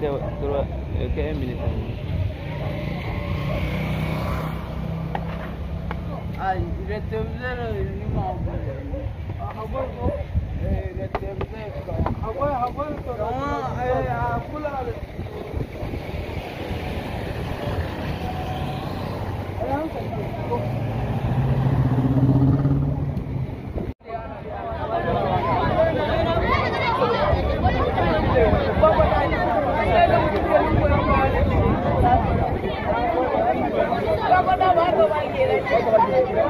كأمن Ay üretimler limon. Haber bu. Ee, üretimler haber haber.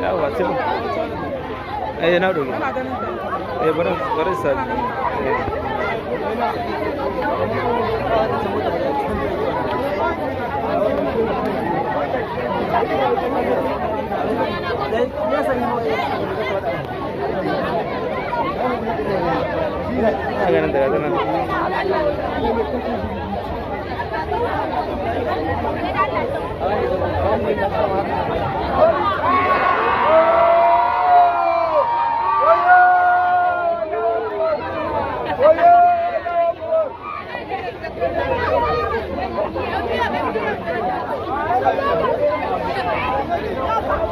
yawa sai eh na dogo eh bari Thank you. Ganun talaga, ganun. Thank you.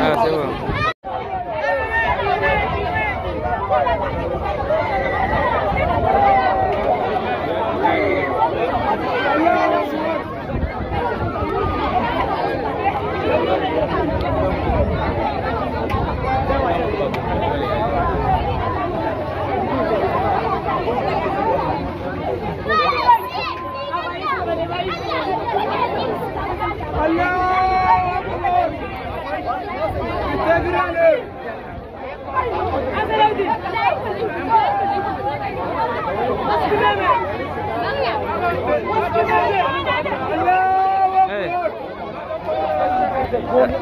Ah, sí,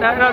Tana